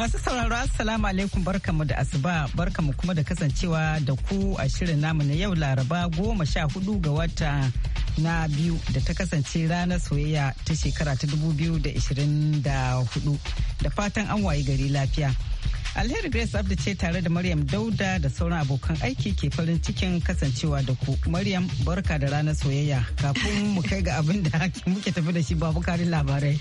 Masu sauraro Assalamu alaikum barkamu da asuba barkamu kuma da kasancewa da ku a shirin namu na yau Laraba goma sha hudu ga wata na biyu da ta kasance ranar soyayya ta shekara ta dubu 2024 da fatan an wayi gari lafiya. Alheri Grace Abdi ce tare da Maryam Dauda da sauran abokan aiki ke farin cikin kasancewa da ku. Maryam barka da ranar soyayya kafin mu kai ga abin da muke tafi da shi babu karin labarai.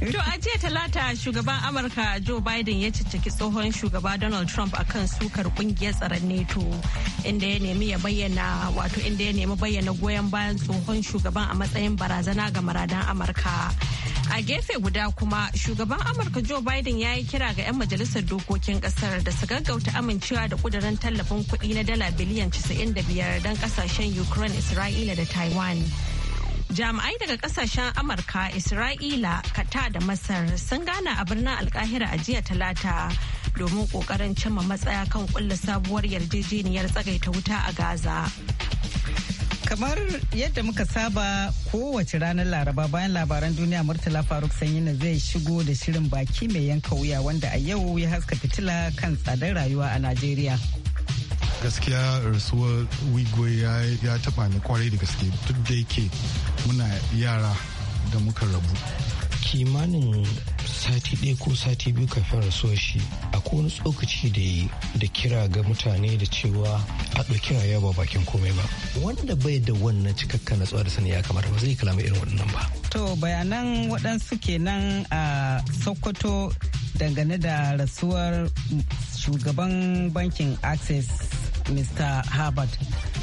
To a jiya talata shugaban Amurka Joe Biden ya cicciki tsohon shugaba Donald Trump akan sukar kungiyar tsaron NATO inda ya nemi ya bayyana wato inda ya nemi bayyana goyon bayan tsohon shugaban a matsayin barazana ga maradan Amurka. A gefe guda kuma shugaban Amurka Joe Biden ya yi kira ga 'yan majalisar dokokin kasar da su gaggauta amincewa da kudirin tallafin kuɗi na dala biliyan 95 don kasashen Ukraine, Isra'ila da Taiwan. jami'ai daga kasashen amurka isra'ila kata da masar sun gana a birnin alkahira a jiya talata domin kokarin cimma matsaya kan ƙulla sabuwar yarjejeniyar tsagaita wuta a gaza kamar yadda muka saba kowace ranar laraba bayan labaran duniya murtala faruk sanyi na zai shigo da shirin baki mai yanka wuya wanda a yau ya haska fitila kan tsadar rayuwa a najeriya gaskiya rasuwar wigwe ya taba ni kwarai da gaske duk da yake muna yara da muka rabu kimanin sati ɗaya ko sati biyu kafin rasuwar shi akwai wani tsokaci da yi da kira ga mutane da cewa a ɗauki rayuwa ba bakin komai ba wanda bai da wannan cikakka na tsawar sani ya kamata ba zai kalama irin waɗannan ba to bayanan waɗansu kenan a sokoto dangane da rasuwar shugaban bankin access mr harvard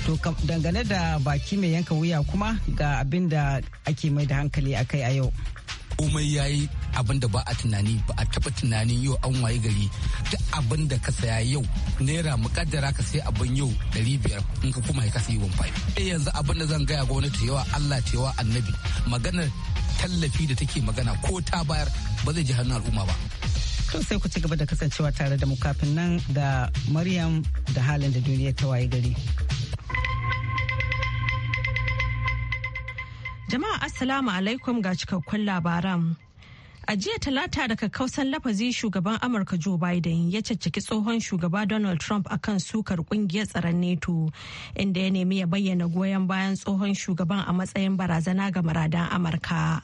to dangane da baki mai yanka wuya kuma ga abin da ake mai da hankali akai a yau komai ya yi abin da ba a tunani ba a taba tunanin yau an waye gari duk abin da ka saya yau naira mukaddara ka sai abin yau ɗari biyar in ka kuma ka sayi wamfai eh, yanzu abin da zan gaya gwamnati yawa Allah yawa annabi maganar tallafi da take magana ko ta bayar ba zai ji hannun al'umma ba To sai ku ci gaba da kasancewa tare da mu kafin nan da Maryam da halin da duniya ta waye gari. Jama'a Assalamu alaikum ga cikakkun labaran. A jiya talata daga kausan lafazi shugaban Amurka Joe Biden ya caccaki tsohon shugaba Donald Trump akan sukar kungiyar tsaron NATO inda ya nemi ya bayyana goyon bayan tsohon shugaban a matsayin barazana ga muradan Amurka.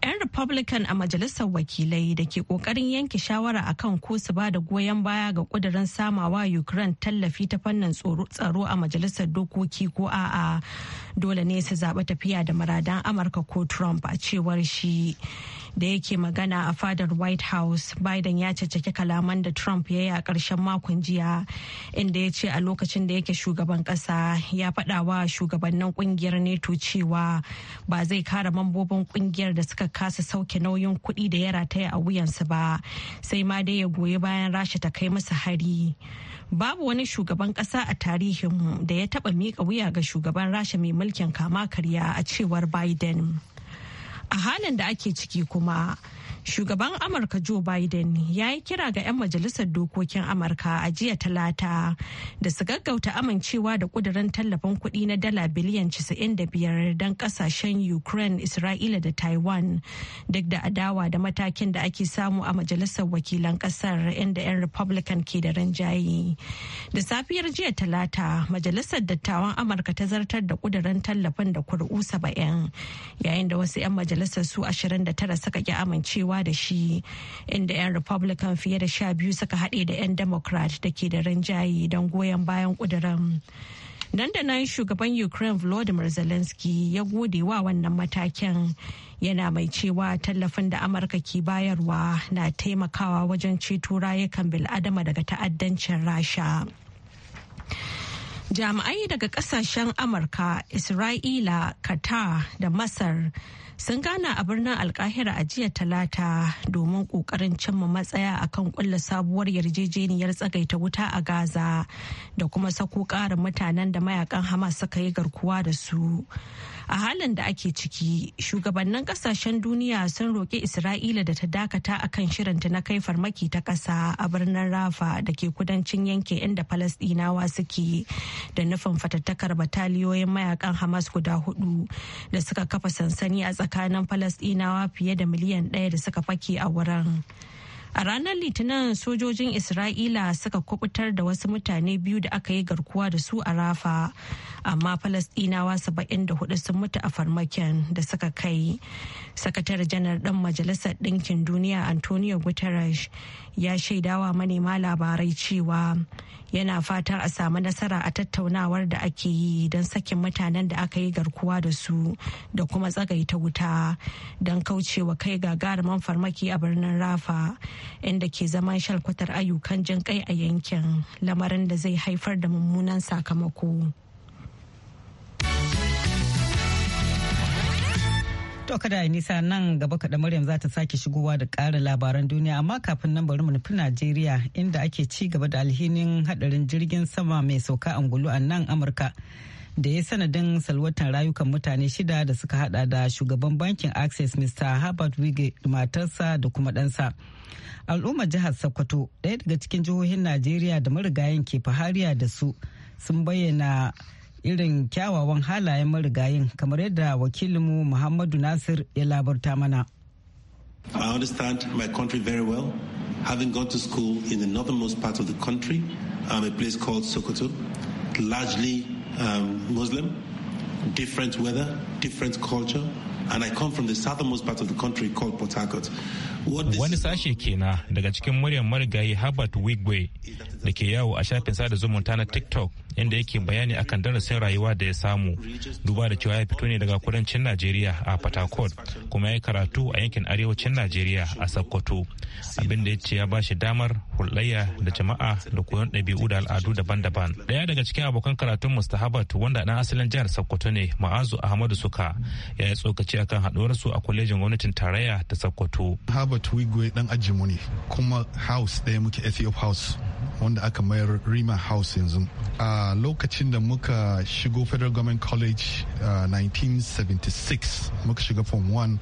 'Yan Republican a Majalisar Wakilai da ke kokarin yanke shawara akan ko su ba da goyon baya ga kudirin samawa Ukraine tallafi ta fannin tsaro a Majalisar Dokoki ko a'a dole ne su zaɓi tafiya da muradan Amurka ko Trump a cewar shi. da yake magana a fadar white house biden ya caccaki kalaman da trump ya yi a ƙarshen makon jiya inda ya ce a lokacin da yake shugaban ƙasa ya faɗa wa shugabannin ƙungiyar neto cewa ba zai kare mambobin ƙungiyar da suka kasa sauke nauyin kuɗi da ya rataya a wuyansu ba sai ma dai ya goyi bayan rasha ta kai masa hari babu wani shugaban ƙasa a tarihin da ya taɓa mika wuya ga shugaban rasha mai mulkin kama karya a cewar biden a halin da ake ciki kuma Shugaban Amurka Joe Biden ya yi kira ga 'yan majalisar dokokin Amurka a jiya talata da su gaggauta amincewa da kudirin tallafin kuɗi na dala biliyan 95 don kasashen Ukraine, Isra'ila da Taiwan duk da adawa da matakin da ake samu a majalisar wakilan ƙasar inda 'yan Republican ke da rinjaye. Da safiyar jiya talata, majalisar dattawan Amurka ta zartar da kudirin tallafin da kuri'u 70 yayin da wasu 'yan majalisar su 29 suka ki amincewa da shi inda 'yan republican fiye da sha biyu suka haɗe da 'yan democrat da ke da rinjaye don goyon bayan ƙuduran nan da nan shugaban ukraine volodymyr zelensky ya gode wa wannan matakin yana mai cewa tallafin da amurka ke bayarwa na taimakawa wajen ceto rayukan bil'adama daga ta'addancin rasha Jami'ai daga kasashen Amurka, Isra'ila, Qatar da Masar sun gana a birnin Alkahira a jiya talata domin kokarin cimma matsaya a kan kulla sabuwar yarjejeniyar tsagaita wuta a Gaza da kuma sako ƙarin mutanen da mayakan Hamas suka yi garkuwa da su. a halin da ake ciki shugabannin kasashen duniya sun roƙi isra'ila da ta dakata a kan shirinta na kai farmaki ta ƙasa a birnin rafa da ke kudancin yanke inda falasɗinawa suke da nufin fatattakar bataliyoyin mayakan hamas guda hudu da suka kafa sansani a tsakanin falasɗinawa fiye da miliyan ɗaya da suka fake a wurin. A ranar Litinin sojojin Isra'ila suka kubutar da wasu mutane biyu da aka yi garkuwa da su a Rafa, amma Falasɗinawa saba'in da hudu sun mutu a farmakin da suka kai. Sakatar janar ɗan Majalisar Ɗinkin Duniya Antonio Guterres ya shaidawa manema labarai cewa yana fatan a samu nasara a tattaunawar da ake yi don sakin mutanen da aka yi garkuwa da su da kuma tsagaita wuta don kaucewa kai gagarumin farmaki a birnin Rafa. inda ke zama shalkwatar ayyukan jin kai a yankin lamarin da zai haifar da mummunan sakamako. To kada nisa nan gaba kaɗan Maryam za ta sake shigowa da ƙarin labaran duniya amma kafin nan bari mu nufi Najeriya inda ake ci gaba da alhinin hadarin jirgin sama mai sauka angulu a nan Amurka. Da ya sanadin salwatan rayukan mutane shida da suka hada da shugaban bankin Access Mr. Herbert wigge matarsa da kuma ɗansa. al'ummar jihar sokoto ɗaya daga cikin jihohin najeriya da marigayin ke fahariya da su sun bayyana irin kyawawan halayen marigayin kamar yadda wakilinmu muhammadu nasir ya labarta mana I understand my country very well. Having gone to school in the northernmost part of the country, a place called Sokoto, largely um, Muslim, different weather, different culture, and I come from the southernmost part of the country called Port Harcourt. Wani sashe kenan daga cikin muryar marigayi Herbert Wigwe da ke yawo a shafin sada zumunta na TikTok inda yake bayani akan darasin rayuwa da ya samu duba da cewa ya fito ne daga kudancin najeriya a fatakot kuma ya yi karatu a yankin arewacin najeriya a sokoto abinda ya ce ya ba shi damar hulɗayya da jama'a da koyon ɗabi'u da al'adu daban-daban ɗaya daga cikin abokan karatun mustahabat wanda dan asalin jihar sokoto ne ma'azu ahmadu suka ya yi tsokaci akan haɗuwarsu a kwalejin gwamnatin tarayya ta sokoto habat wigwe dan ajimu ne kuma house ɗaya muke ethiop house wanda aka mayar rima house yanzu a ah, lokacin da muka shigo federal government college uh, 1976 muka shiga form 1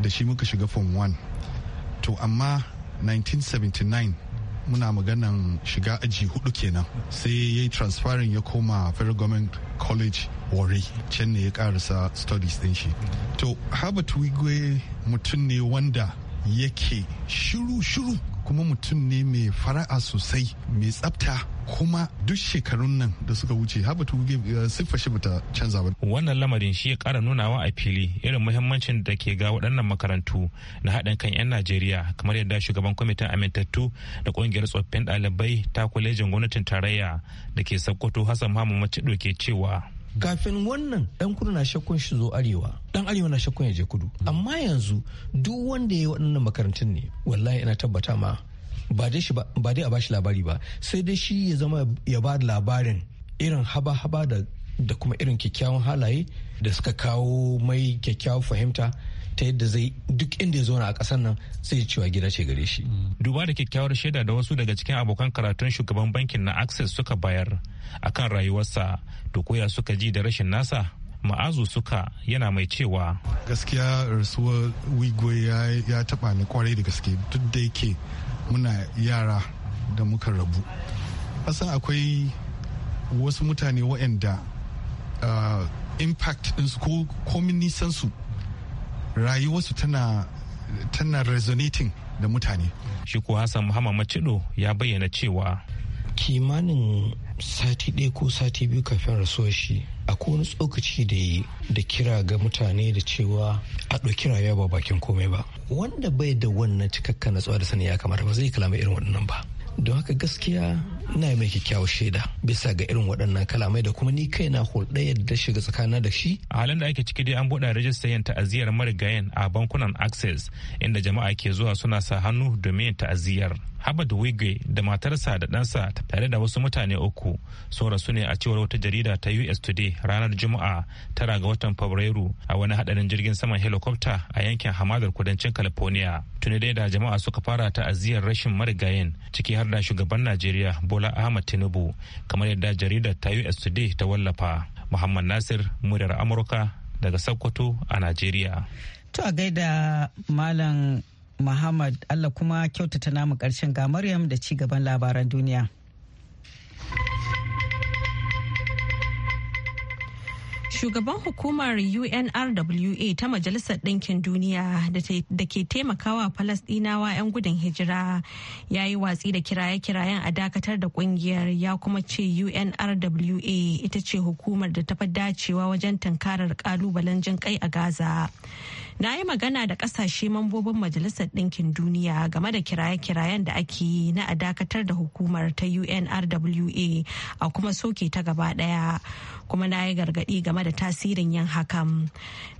da shi muka shiga form 1 to amma 1979 muna maganan shiga aji hudu kenan sai ya yi transferring ya koma federal government college wari can ne ya karasa studies din shi to habert wigwe mutum ne wanda yake shiru-shiru kuma mutum ne mai fara'a sosai mai tsafta kuma duk shekarun nan da suka wuce habatu eh, siffa shi bata canza ba wannan lamarin shi ya kara nunawa a fili irin muhimmancin da ke ga waɗannan makarantu na haɗin kan 'yan najeriya kamar yadda shugaban kwamitin amintattu da ƙungiyar tsoffin ɗalibai ta kwalejin gwamnatin tarayya da ke sakkwato hassan mahammadu ke cewa kafin wannan dan kudu na shakkun shi zo arewa dan arewa na shakkun ya je kudu amma yanzu duk wanda ya yi waɗannan makarantun ne wallahi ina tabbata ma ba dai a bashi labari ba sai dai shi ya zama ya ba labarin irin haba-haba da kuma irin kyakkyawan halaye da suka kawo mai kyakkyawan fahimta ta yadda zai duk inda ya zo a ƙasar nan zai cewa gida ce gare shi. Duba da kyakkyawar shaida da wasu daga cikin abokan karatun shugaban bankin na Access suka bayar a kan rayuwarsa to koya suka ji da rashin nasa ma'azu suka yana mai cewa gaskiya rasuwar wigwe ya taba ni kwarai da gaske duk da yake muna yara da muka rabu asan akwai wasu mutane wa'anda ah, impact ɗinsu ko komin nisansu rayuwarsu tana tana resonating da mutane shi ko hassan muhammad Macedo ya bayyana cewa kimanin sati ɗaya ko sati biyu kafin rasuwar shi akwai wani tsokaci da yi da kira ga mutane da cewa a ɗauki rayuwa ba bakin komai ba wanda bai da wannan cikakka natsuwa da sani ya kamata ba zai kalama irin waɗannan ba don haka gaskiya ina mai kyakkyawar shaida bisa ga irin waɗannan kalamai da kuma ni kai na hulɗa da shiga tsakanin da shi a halin da ake ciki dai an buɗe rajistar yin ta'aziyar marigayen a bankunan access inda jama'a ke zuwa suna sa hannu domin ta'aziyar Habad Wigwe da matarsa da ɗansa tare da wasu mutane uku sun rasu ne a cewar wata jarida ta US Today ranar Juma'a tara ga watan Fabrairu a wani haɗarin jirgin saman helicopter a yankin hamadar kudancin California. Tuni dai da jama'a suka fara ta'aziyar rashin marigayen ciki har da shugaban Najeriya bola ahmad tinubu kamar yadda jaridar ta us today ta wallafa muhammad nasir muryar amurka daga sokoto a najeriya to a gaida malam muhammad allah kuma kyautata namu karshen ga maryam da ci gaban labaran duniya Shugaban hukumar UNRWA ta Majalisar Ɗinkin Duniya da ke taimakawa Falasdinawa 'yan gudun hijira ya yi watsi da kiraye-kirayen a dakatar da ƙungiyar ya kuma ce UNRWA ita ce hukumar da ta fi dacewa wajen tunkarar kalubalen jin kai a Gaza. na yi magana da kasashe mambobin majalisar ɗinkin duniya game da kiraye-kirayen da ake yi na a dakatar da hukumar ta unrwa a kuma soke ta gaba ɗaya kuma na yi gargaɗi game da tasirin yin hakan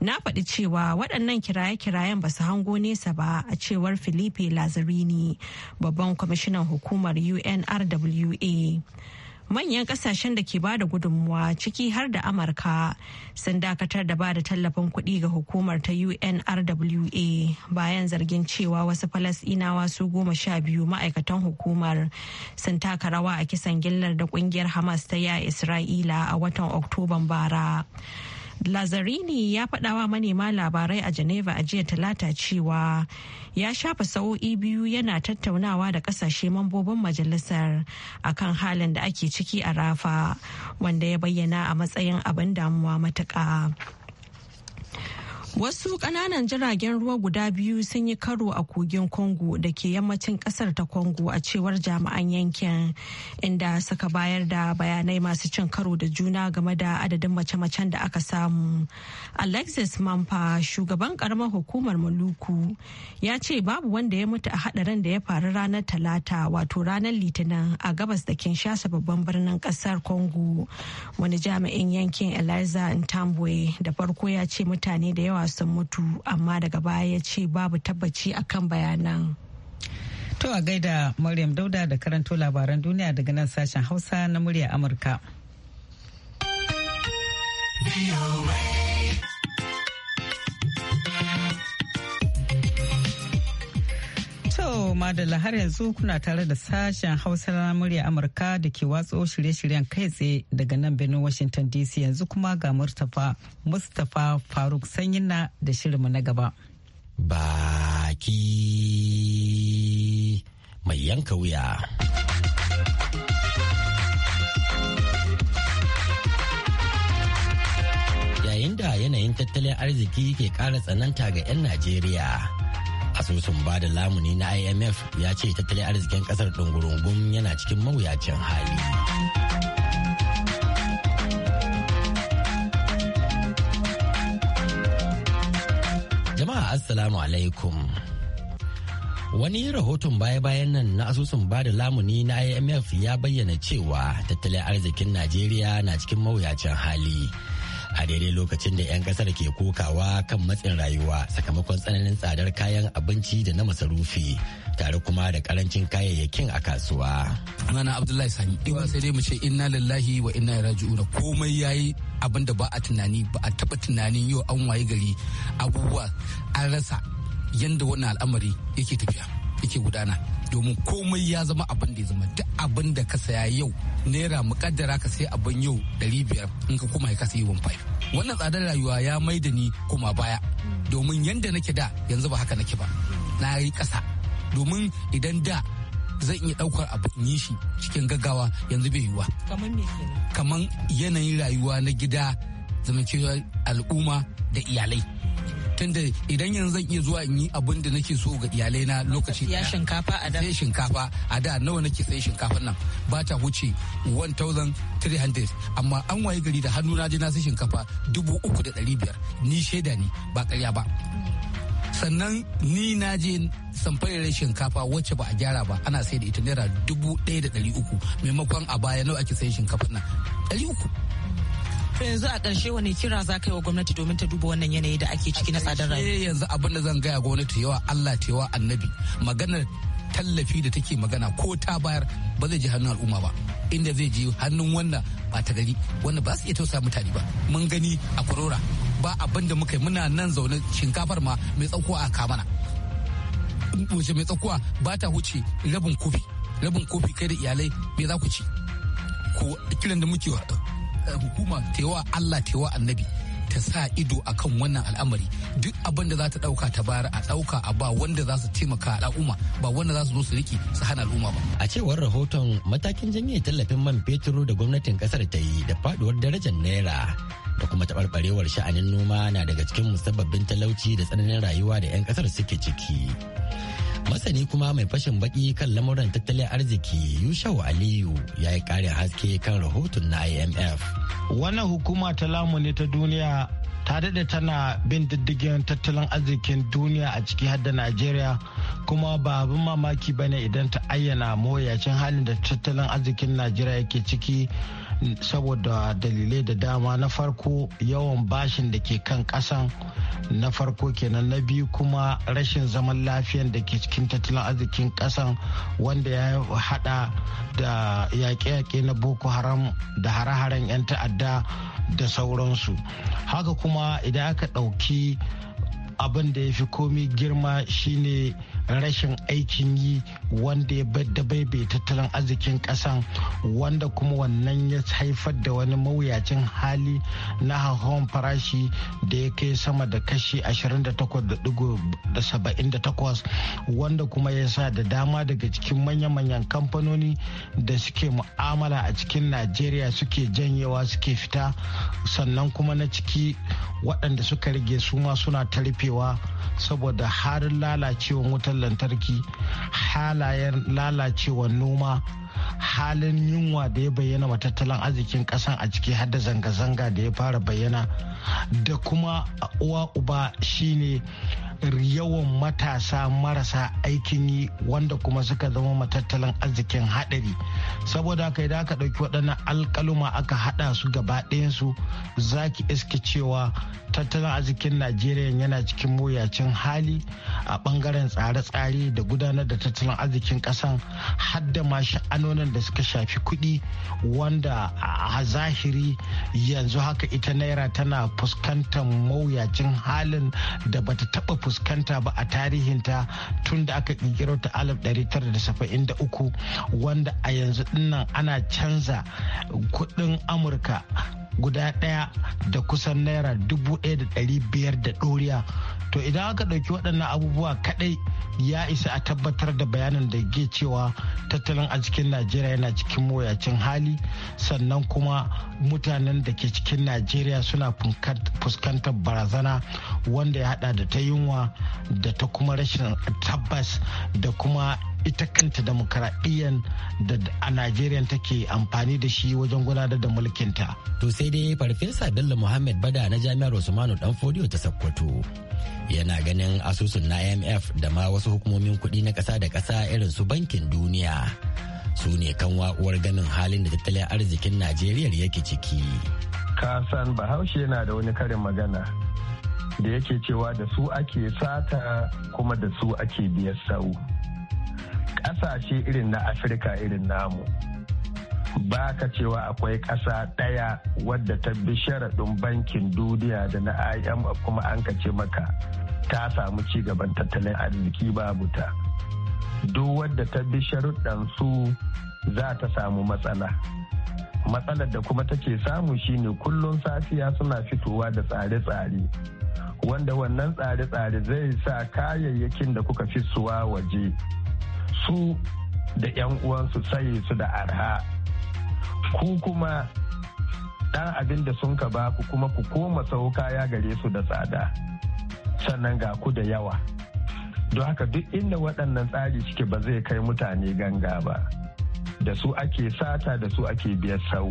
na faɗi cewa waɗannan kiraye-kirayen ba su hango nesa ba a cewar filipe lazarini babban kwamishinan hukumar unrwa manyan kasashen da ke bada gudunmuwa ciki har da amurka sun dakatar da bada tallafin kuɗi ga hukumar ta unrwa bayan zargin cewa wasu falasinawa su goma sha biyu ma'aikatan hukumar sun taka rawa a kisan gillar da kungiyar hamas ta ya isra'ila a watan oktoban bara Lazarini ya faɗawa manema labarai a Geneva a jiya talata cewa ya shafa sa'o'i biyu yana tattaunawa da kasashe mambobin majalisar akan halin da ake ciki a rafa wanda ya bayyana a matsayin abin damuwa matuƙa. Wasu ƙananan jiragen ruwa guda biyu sun yi karo a kogin Congo da ke yammacin ƙasar ta Congo a cewar jami'an yankin inda suka bayar da bayanai masu cin karo da juna game da adadin mace-macen da aka samu. Alexis Mampa, shugaban ƙaramar hukumar Maluku, ya ce babu wanda ya mutu a hadarin da ya faru ranar Talata wato ranar Litinin a gabas da Kinshasa babban birnin ƙasar Congo. Wani jami'in yankin Eliza Ntambwe da farko ya ce mutane da yawa sun mutu amma daga baya ya ce babu tabbaci akan bayanan. To a gaida Maryam Dauda da karanto labaran duniya daga nan sashen Hausa na murya Amurka. da har yanzu kuna tare da sashen hausa na murya amurka da ke watso shirye-shiryen kai tsaye daga nan birnin washington dc yanzu kuma ga murtafa mustapha faruk sanyina da shirinmu na gaba baki mai yanka wuya yayin da yanayin tattalin arziki ke kara tsananta ga 'yan najeriya asusun ba da lamuni na imf ya ce tattalin arzikin kasar dungurungun yana cikin mawuyacin hali jama'a assalamu alaikum Wani rahoton baya-bayan nan na asusun bada lamuni na IMF ya bayyana cewa tattalin arzikin Najeriya na cikin mawuyacin hali a daidai lokacin da 'yan kasar ke kokawa kan matsin rayuwa sakamakon tsananin tsadar kayan abinci da na masarufi tare kuma da karancin kayayyakin a kasuwa. Rana Abdullahi Sani, iwa sai dai mu ce inna lallahi wa inna raji'una komai yayi abin da ba a tunani ba a taba tunanin yau an waye gari abubuwa an rasa yadda wannan al'amari yake tafiya yake gudana domin komai ya zama abin da ya zama duk abin da ka saya yau naira mukaddara ka sai abin yau ɗari biyar in ka kuma ka sai 1.5 wannan tsadar rayuwa ya mai da ni kuma baya domin yanda nake da yanzu ba haka nake ba na yi ƙasa domin idan da zan iya ɗaukar abu in yi shi cikin gaggawa yanzu bai yiwuwa kamar yanayin rayuwa na gida zamancewa al'umma da iyalai tunda idan yanzu zan iya zuwa in yi abin da nake so ga iyalai na lokaci ya shinkafa a da shinkafa a da nawa nake sai shinkafan nan ba ta wuce 1300 amma an waye gari da hannu na je na sai shinkafa 3500 ni shaida ne ba ƙarya ba sannan ni na je samfarin shinkafa wacce ba a gyara ba ana sai da ita naira dubu ɗaya maimakon a baya nawa ake sai shinkafa na ɗari To yanzu a ƙarshe wani kira za ka yi wa gwamnati domin ta duba wannan yanayi da ake ciki na tsadar rayuwa. yanzu abin da zan gaya gwamnati yawa Allah ta yawa annabi maganar tallafi da take magana ko ta bayar ba zai ji hannun al'umma ba inda zai ji hannun wanda ba ta gari wanda ba su iya tausa mutane ba mun gani a kurora ba abin da muka yi muna nan zaune shinkafar ma mai tsakuwa a kamana wace mai tsakuwa ba ta huce rabin kofi rabin kofi kai da iyalai me za ku ci ko kiran da muke hukuma tewa Allah tewa annabi ta sa ido a kan wannan al'amari duk abin da za ta dauka ta bayar a dauka a ba wanda za su taimaka al'umma ba wanda za su zo su riki su hana al'umma ba a cewar rahoton matakin janye tallafin man fetur da gwamnatin kasar ta yi da faduwar darajar naira da kuma tabarbarewar sha'anin noma na daga cikin musabbabin talauci da tsananin rayuwa da 'yan kasar suke ciki Masani kuma mai fashin baki kan lamuran tattalin arziki Yushau Aliyu ya yi karin haske kan rahoton na IMF. Wannan hukuma ta lamuni ta duniya ta daɗe tana bin diddigin tattalin arzikin duniya a ciki har da Najeriya kuma ba abin mamaki bane idan ta ayyana mawuyacin halin da tattalin arzikin Najeriya yake ciki saboda dalilai da dama na farko yawan bashin da ke kan kasan na farko kenan na biyu kuma rashin zaman lafiyan da ke cikin tattalin arzikin kasan wanda ya hada da yaƙe-yaƙe na boko haram da hare-haren 'yan ta'adda da sauransu haka kuma idan aka ɗauki abin da ya fi komi girma shine rashin aikin yi wanda ya da bai tattalin arzikin kasan wanda kuma wannan ya haifar da wani mawuyacin hali na hauhawan farashi da ya kai sama da kashi 28.78 wanda kuma ya sa da dama daga cikin manya-manyan kamfanoni da suke mu'amala a cikin najeriya suke janyewa suke fita sannan kuma na ciki waɗanda suka rage su ma suna ta rufewa saboda harin lalacewan wutar lantarki halayen lalacewan noma halin yunwa da ya bayyana wa tattalin arzikin kasan a ciki har da zanga-zanga da ya fara bayyana da kuma uwa uba shine yawan matasa marasa aikin yi wanda kuma suka zama matattalin arzikin haɗari saboda haka idan aka ɗauki waɗannan alkaluma aka haɗa su gaba ɗayansu za ki iske cewa tattalin arzikin najeriya yana cikin muyacin hali a ɓangaren tsare-tsare da gudanar da tattalin arzikin ƙasan har da ma fannonin da suka shafi kuɗi wanda a zahiri yanzu haka ita naira tana fuskantar mawuyacin halin da bata taɓa fuskanta ba a tarihinta tun da aka ƙirƙiro ta 1973 wanda a yanzu dinnan ana canza kuɗin amurka guda ɗaya da kusan naira dubu ɗaya da ɗari biyar da ɗoriya to idan aka ɗauki waɗannan abubuwa kaɗai ya isa a tabbatar da bayanin da ke cewa tattalin a cikin najeriya yana cikin mawuyacin hali sannan kuma mutanen da ke cikin najeriya suna fuskantar barazana wanda ya haɗa da ta yunwa da ta kuma rashin tabbas da kuma ita kanta demokaraɗiyyar da a Najeriya take amfani da shi wajen gudanar da mulkinta. To sai dai Farfesa Bello Muhammad Bada na Jami'ar Usmanu fodiyo ta Sokoto. Yana ganin asusun na IMF da ma wasu hukumomin kuɗi na ƙasa da kasa irin su bankin duniya. Su ne kan wa'uwar ganin halin da tattalin arzikin Najeriya yake ciki. Kasan Bahaushe yana da wani karin magana. da yake cewa da su ake sata kuma da su ake biyar sau. ƙasashe irin na afirka irin namu ba ka cewa akwai ƙasa ɗaya wadda ta bi sharaɗin bankin duniya da na imf kuma an ka ce maka ta samu ci gaban tattalin arziki babu ta duk wadda ta bi sharuɗan su za ta samu matsala matsalar da kuma take samu shine kullum safiya suna fitowa da tsare-tsare wanda wannan tsare-tsare zai sa kayayyakin da kuka fi suwa waje su da 'yan uwansu tsaye su da arha ku kuma ɗan abin da sun ka ku kuma ku koma sau kaya gare su da tsada sannan ga ku da yawa don haka duk inda waɗannan tsari suke ba zai kai mutane ganga ba da su ake sata da su ake biyar sau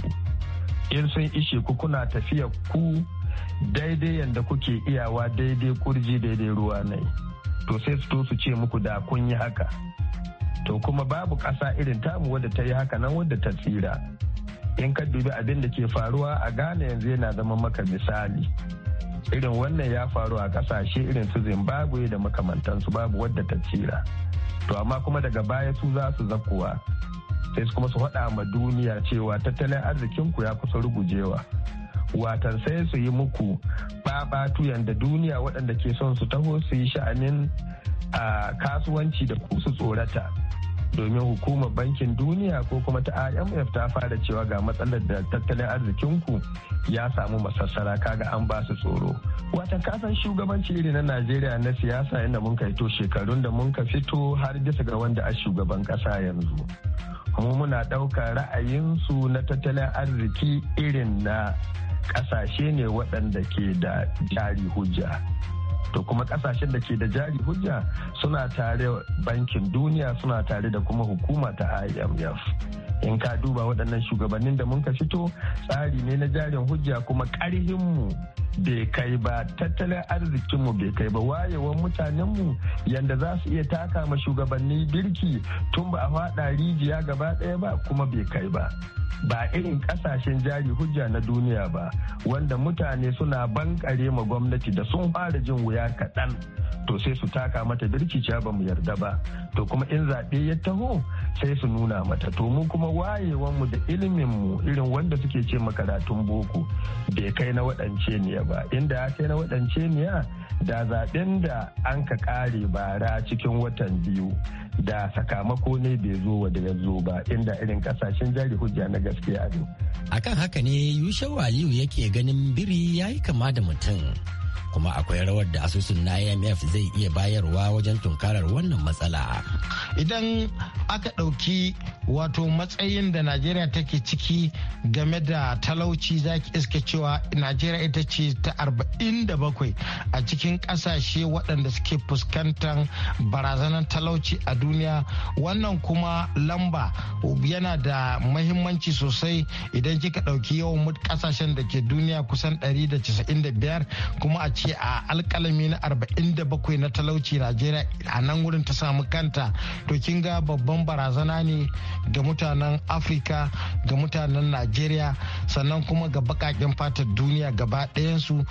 in sun ishe ku kuna tafiya ku daidai yadda kuke iyawa daidai kurji daidai ruwa ne to sai su to su ce muku da kun yi haka to kuma babu ƙasa irin tamu wadda ta yi haka nan wadda ta tsira in ka dubi abin da ke faruwa a ghana yanzu yana zama maka misali irin wannan ya faru a ƙasashe irin su zimbabwe da makamantansu babu wadda ta tsira to amma kuma daga baya su za su zakuwa sai kuma su faɗa ma duniya cewa tattalin arzikinku ya kusa rugujewa watan sai su yi muku babatu yanda duniya waɗanda ke son su taho su yi sha'anin a ah, kasuwanci da ku su tsorata domin hukumar bankin duniya ko kuma ta imf ta fara cewa ga matsalar da tattalin arzikinku ya samu masassara kaga an ba su tsoro wata kasan shugabanci iri na najeriya na siyasa inda mun kaito shekarun da mun ka fito har bisa ga wanda a shugaban kasa yanzu kuma muna ɗaukar ra'ayinsu na tattalin arziki irin na ƙasashe ne waɗanda ke da jari hujja to kuma kasashen da ke da jari hujja suna tare bankin duniya suna tare da kuma hukuma ta imf in ka duba waɗannan shugabannin da mun ka fito tsari ne na jarin hujja kuma ƙarhinmu bai kai ba tattalin arzikinmu bai kai ba wayewar mutanenmu yadda za su iya taka ma shugabanni birki tun ba a faɗa rijiya gaba ɗaya ba kuma bai kai ba ba irin ƙasashen jari hujja na duniya ba wanda mutane suna bankare ma gwamnati da sun fara jin wuya kaɗan to sai su taka mata birki ba mu yarda ba to kuma in zaɓe ya taho sai su nuna mata to mu kuma wayewanmu da iliminmu irin wanda suke ce makaratun boko bai kai na waɗance niya ba inda ya kai na waɗance niya da zaɓen da an ka ƙare bara cikin watan biyu da sakamako ne bai zo wa da ya zo ba inda irin kasashen jari hujja na gaskiya ne. akan haka ne yushe aliyu yake ganin biri ya yi kama da mutum kuma akwai rawar da asusun na imf zai iya bayarwa wajen tunkarar wannan matsala idan aka ɗauki wato matsayin da najeriya take ciki game da talauci zaki iska cewa najeriya ita ce ta arba'in da bakwai a cikin ƙasashe waɗanda suke fuskantar barazanar talauci a duniya wannan kuma lamba yana da mahimmanci sosai idan kika ɗauki yawan ƙasashen da ke duniya kusan 195 kuma a take a alkalami na bakwai na talauci najeriya a nan wurin ta samu kanta to kin ga babban barazana ne ga mutanen afirka ga mutanen najeriya sannan kuma ga bakakin fatar duniya gaba ɗayansu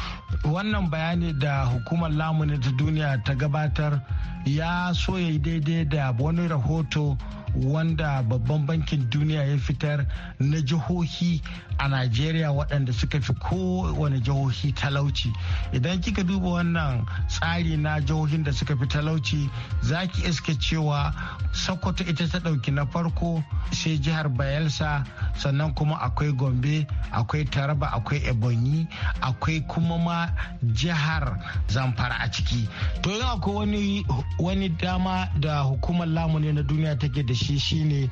wannan bayani da hukumar lamuni ta duniya ta gabatar ya so ya daidai da wani rahoto wanda babban bankin duniya ya fitar na jihohi a najeriya waɗanda suka fi kowane jihohi talauci idan kika duba wannan tsari na jihohin da suka fi talauci za ki iska cewa sokoto ita ta ɗauki na farko sai jihar bayelsa sannan kuma akwai gombe akwai taraba akwai ebonyi akwai kuma ma jihar zamfara a ciki to akwai wani dama da hukumar lamuni na duniya take da shi shi shine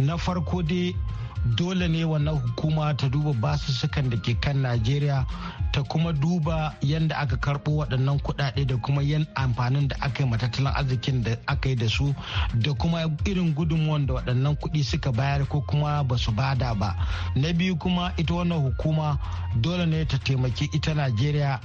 na farko dai dole ne wannan hukuma ta duba basussukan da ke kan najeriya ta kuma duba yadda aka karbo waɗannan kuɗaɗe da kuma yin amfanin da aka yi matattalin arzikin da aka yi da su da kuma irin gudunmuwan da waɗannan kuɗi suka bayar ko kuma ba su bada ba na biyu kuma ita wannan hukuma dole ne ta taimaki ita najeriya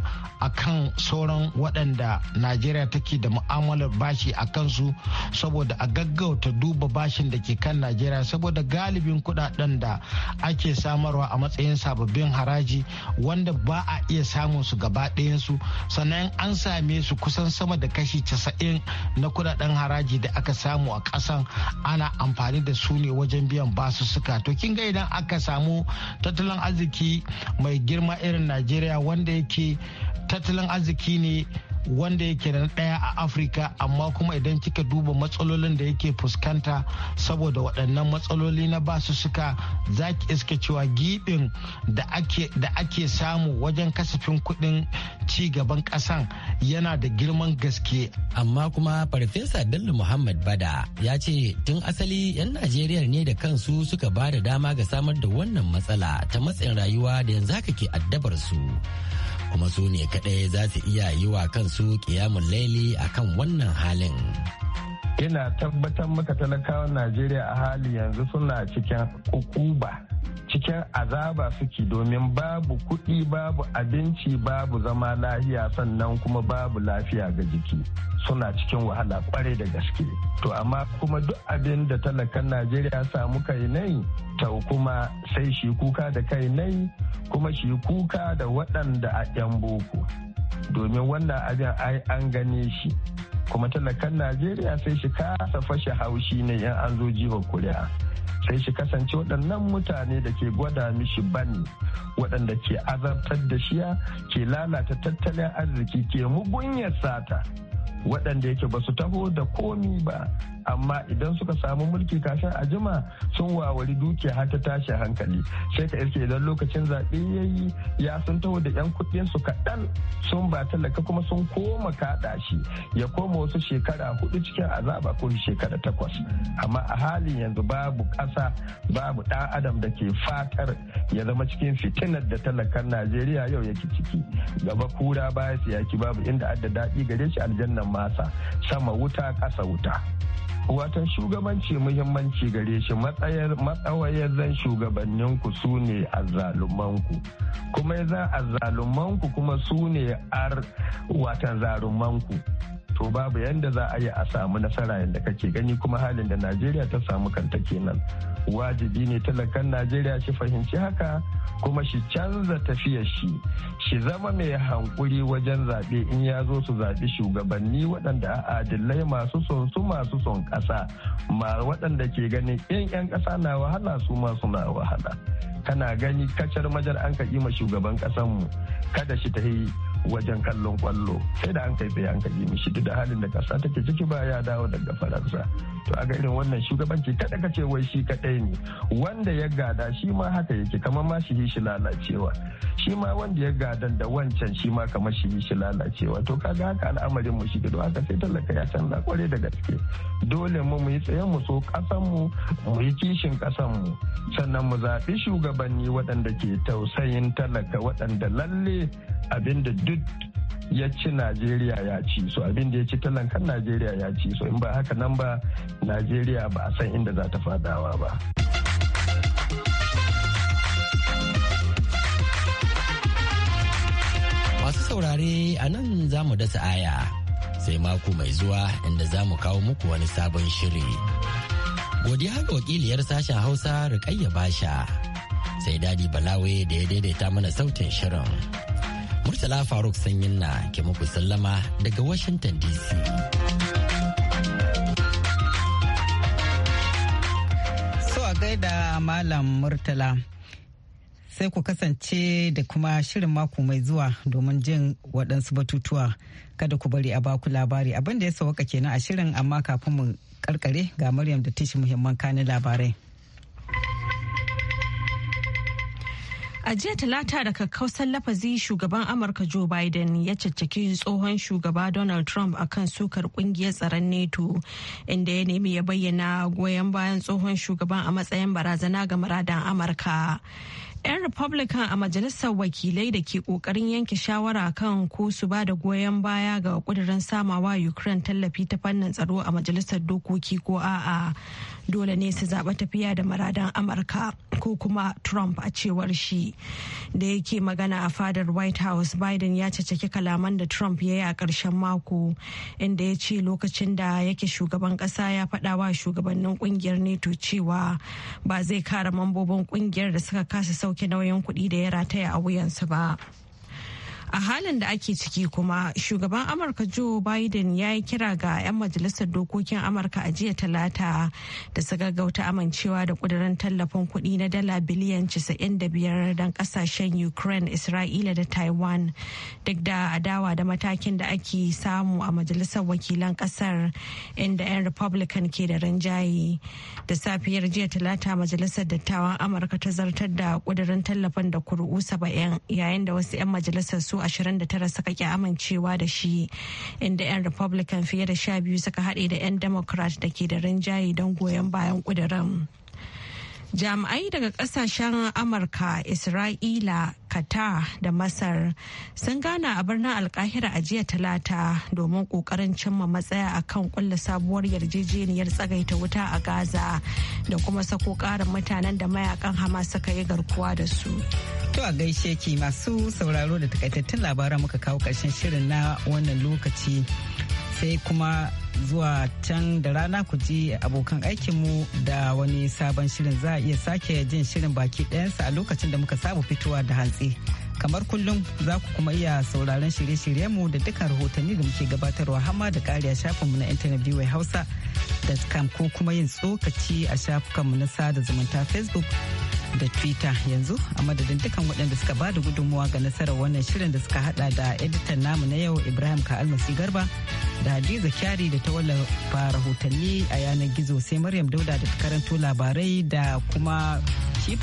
kan sauran waɗanda najeriya take da mu'amalar bashi a kansu saboda a gaggauta duba bashin da ke kan najeriya saboda galibin kuɗaɗen da ake samarwa a matsayin sababbin haraji wanda ba a iya samun su gaba ɗayansu sannan an same su kusan sama da kashi casa'in na kudaden haraji da aka samu a ƙasan ana amfani da su ne wajen biyan basussuka to kin ga idan aka samu tattalin arziki mai girma irin najeriya wanda yake tattalin arziki ne wanda yake na ɗaya a afirka amma kuma idan kika duba matsalolin da yake fuskanta saboda waɗannan matsaloli na basu suka za ki iska cewa giɓin da ake samu wajen kasafin kuɗin ci gaban ƙasan yana da girman gaske amma kuma farfesa bello muhammad bada ya ce tun asali 'yan najeriya ne da kansu suka ba da dama ga samar da wannan matsala ta matsayin rayuwa da yanzu haka ke addabar su kuma su ne kaɗai za su iya yi wa kansu ƙiyamun laili akan wannan halin. ina tabbatar maka talakawan najeriya a hali yanzu suna cikin ukuba cikin azaba suke domin babu kuɗi babu abinci babu zama lahiya sannan kuma babu lafiya ga jiki suna cikin wahala kwarai da gaske to amma kuma duk abin da talakan najeriya samu kai nai ta kuma sai shi kuka da kai nai kuma shi kuka da waɗanda a 'yan boko domin wannan abin ai an gane shi kuma talakan najeriya sai shi kasa fashe haushi ne yan an zo jihar kuri'a sai shi kasance waɗannan mutane da ke gwada mishi bani waɗanda ke azabtar da shiya ke lalata tattalin arziki ke mugunyar sata waɗanda yake ba su taho da komi ba amma idan suka samu mulki kafin a jima sun wawari dukiya har ta tashi hankali sai ka iske idan lokacin zaɓe ya yi ya sun taho da 'yan kuɗin su kaɗan sun ba talaka kuma sun koma kaɗa shi ya koma wasu shekara hudu cikin azaba ko shekara takwas amma a halin yanzu babu ƙasa babu ɗan adam da ke fatar ya zama cikin fitinar da talakan najeriya yau yake ciki gaba kura baya siyaki babu inda adda daɗi gare shi aljannan masa sama wuta ƙasa wuta. watan shugabanci muhimmanci gare shi matsawayar zan shugabanninku su ne zalumanku kuma ya a zalumanku kuma su ne ar watan zarumanku to babu yanda za a yi a samu nasara yadda kake gani kuma halin da najeriya ta samu kanta kenan wajibi ne talakan najeriya shi fahimci haka kuma shi canza tafiyar shi shi zama mai hankuri wajen zaɓe in ya zo su zaɓi shugabanni waɗanda a adillai masu son su masu son ƙasa ma waɗanda ke ganin in 'yan ƙasa na wahala su ma suna wahala kana gani kacar majar an ka ma shugaban ƙasanmu kada shi ta yi wajen kallon kwallo sai da an kai hankali an kaji mishi duk da halin da kasa take ciki ba ya dawo daga faransa to a ga irin wannan shugabanci kada ka ce wai shi kadai ne wanda ya gada shi ma haka yake kamar ma shi shi lalacewa shi ma wanda ya gadan da wancan shi ma kamar shi shi lalacewa to kaga haka al'amarin mu shi ke don haka sai talaka ya canza kware da gaske dole mu mu yi tsayen mu so kasan mu mu yi kishin kasan mu sannan mu zaɓi shugabanni waɗanda ke tausayin talaka waɗanda lalle abinda duk ya ci najeriya ya ci so abinda ya ci talankan najeriya ya ci so in ba haka nan ba najeriya ba a san inda za ta fadawa ba masu saurare a nan za mu dasa aya sai mako mai zuwa inda za mu kawo muku wani sabon shiri godiya ga wakiliyar sashen hausa rikayya basha sai dadi balawe da ya daidaita mana sautin shirin Murtala Faruk Sanyin na ke muku sallama daga Washington DC. So a gaida Malam Murtala. Sai ku kasance da kuma shirin mako mai zuwa domin jin waɗansu batutuwa kada ku bari a baku labari abin da ya sauka kenan a shirin amma kafin mu karkare ga Maryam da tishi muhimman kanin labarai. A jiya talata da kakkausan lafazi shugaban Amurka Joe Biden ya caccaki tsohon shugaba Donald Trump a kan sukar kungiyar tsaron NATO inda ya nemi ya bayyana goyon bayan tsohon shugaban a matsayin barazana ga muradan Amurka. 'yan republican a majalisar wakilai da ke ƙoƙarin yanke shawara kan ko su ba da goyon baya ga kudirin samawa ukraine tallafi ta fannin tsaro a majalisar dokoki ko a'a dole ne su zaɓa tafiya da maradan amurka ko kuma trump a cewar shi da yake magana a fadar white house biden ya caceki kalaman da trump ya yi a ƙarshen mako inda ya ce lokacin da yake shugaban ƙasa ya faɗa wa shugabannin ƙungiyar neto cewa ba zai kare mambobin ƙungiyar da suka kasa sauke nauyin kuɗi da ya rataya a wuyansu ba. a halin da ake ciki kuma shugaban amurka joe biden ya yi kira ga 'yan majalisar dokokin amurka a jiya talata da su gaggauta amincewa da kudurin tallafin kuɗi na dala biliyan 95 don kasashen ukraine isra'ila da taiwan duk da adawa da matakin da ake samu a majalisar wakilan kasar inda 'yan republican ke da rinjaye da safiyar jiya talata majalisar dattawan amurka ta zartar da kudurin tallafin da kuri'u 70 yayin da wasu 'yan majalisar su 29 suka ki amincewa da shi inda 'yan republican fiye da 12 suka haɗe da 'yan democrat da ke da rinjaye don goyon bayan ƙudurin. jami'ai daga kasashen amurka isra'ila qatar da masar sun gana a birnin alkahira a jiya talata domin kokarin cimma matsaya a kan kulla sabuwar yarjejeniyar tsagaita wuta a gaza da kuma sako karin mutanen da mayakan hama suka yi garkuwa da su to a gaishe ki masu sauraro da takaitattun labaran muka kawo karshen shirin na wannan lokaci sai kuma zuwa can da rana ku ji abokan aikinmu da wani sabon shirin za a iya sake jin shirin baki ɗayansa a lokacin da muka saba fitowa da hantsi. kamar kullum za ku kuma iya sauraron shirye-shiryenmu da duka rahotanni da muke gabatarwa hama da kariya shafinmu na intanet biyu hausa da ko kuma yin tsokaci a shafukanmu na sada zumunta facebook da twitter yanzu a madadin dukan waɗanda suka ba da gudunmuwa ga nasarar wannan shirin da suka hada da editan namu na yau ibrahim ka almasi garba da hadiza kyari da ta wallafa rahotanni a yanar gizo sai maryam dauda da ta karanto labarai da kuma shi